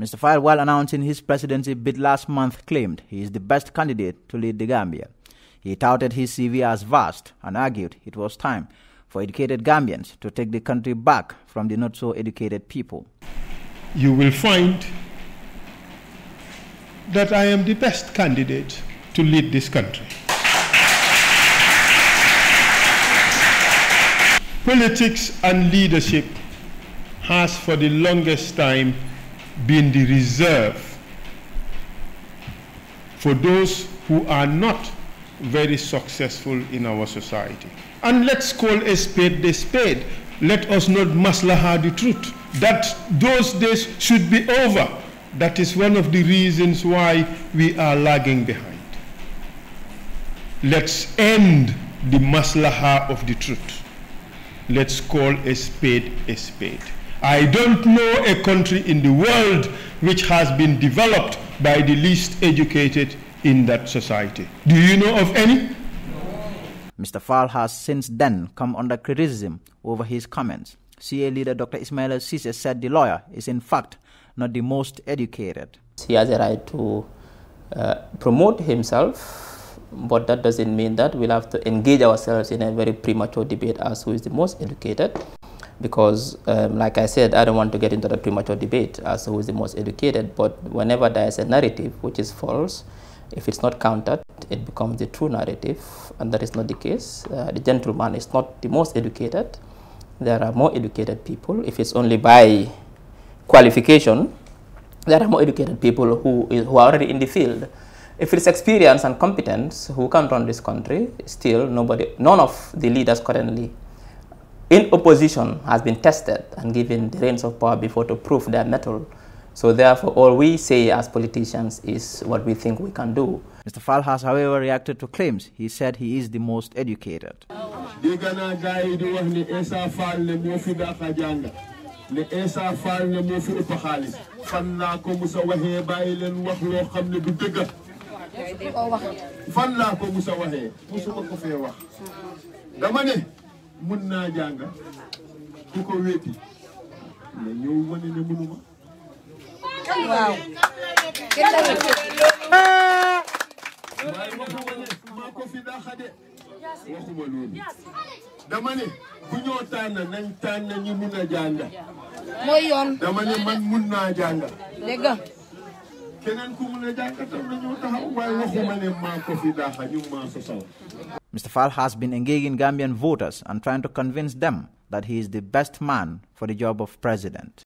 Mr. Fayyad, while announcing his presidency bid last month, claimed he is the best candidate to lead the Gambia. He touted his CV as vast and argued it was time for educated Gambians to take the country back from the not so educated people. You will find that I am the best candidate to lead this country. Politics and leadership has for the longest time been the reserve for those who are not very successful in our society. And let's call a spade a spade. Let us not maslaha the truth. That those days should be over. That is one of the reasons why we are lagging behind. Let's end the maslaha of the truth. Let's call a spade a spade. I don't know a country in the world which has been developed by the least educated in that society. Do you know of any? Mr. Fall has since then come under criticism over his comments. CA leader Dr. Ismail Sise said the lawyer is in fact not the most educated. He has a right to uh, promote himself, but that doesn't mean that we'll have to engage ourselves in a very premature debate as who is the most educated because, um, like I said, I don't want to get into the premature debate as to who is the most educated, but whenever there is a narrative which is false, if it's not countered, it becomes the true narrative, and that is not the case. Uh, the gentleman is not the most educated. There are more educated people. If it's only by qualification, there are more educated people who, is, who are already in the field. If it's experience and competence who can run this country, still nobody, none of the leaders currently in opposition has been tested and given the reins of power before to prove their mettle. So therefore, all we say as politicians is what we think we can do. Mr. Fal has, however, reacted to claims. He said he is the most educated. mën naa jàng ku ko wéeti mais ñëw wane ne mënuma waaw waaye waxuma ne maa ko daaxa de waxuma loolu dama ne bu ñoo tànn nañ tànn ñu mun a jàng mooy yoon dama ne man mun naa jàng dëgg keneen ku mun a jàng tam na ñoo taxaw waaye waxuma ne maa ko daaxa ñu maa sosal Mr. Fall has been engaging Gambian voters and trying to convince them that he is the best man for the job of president.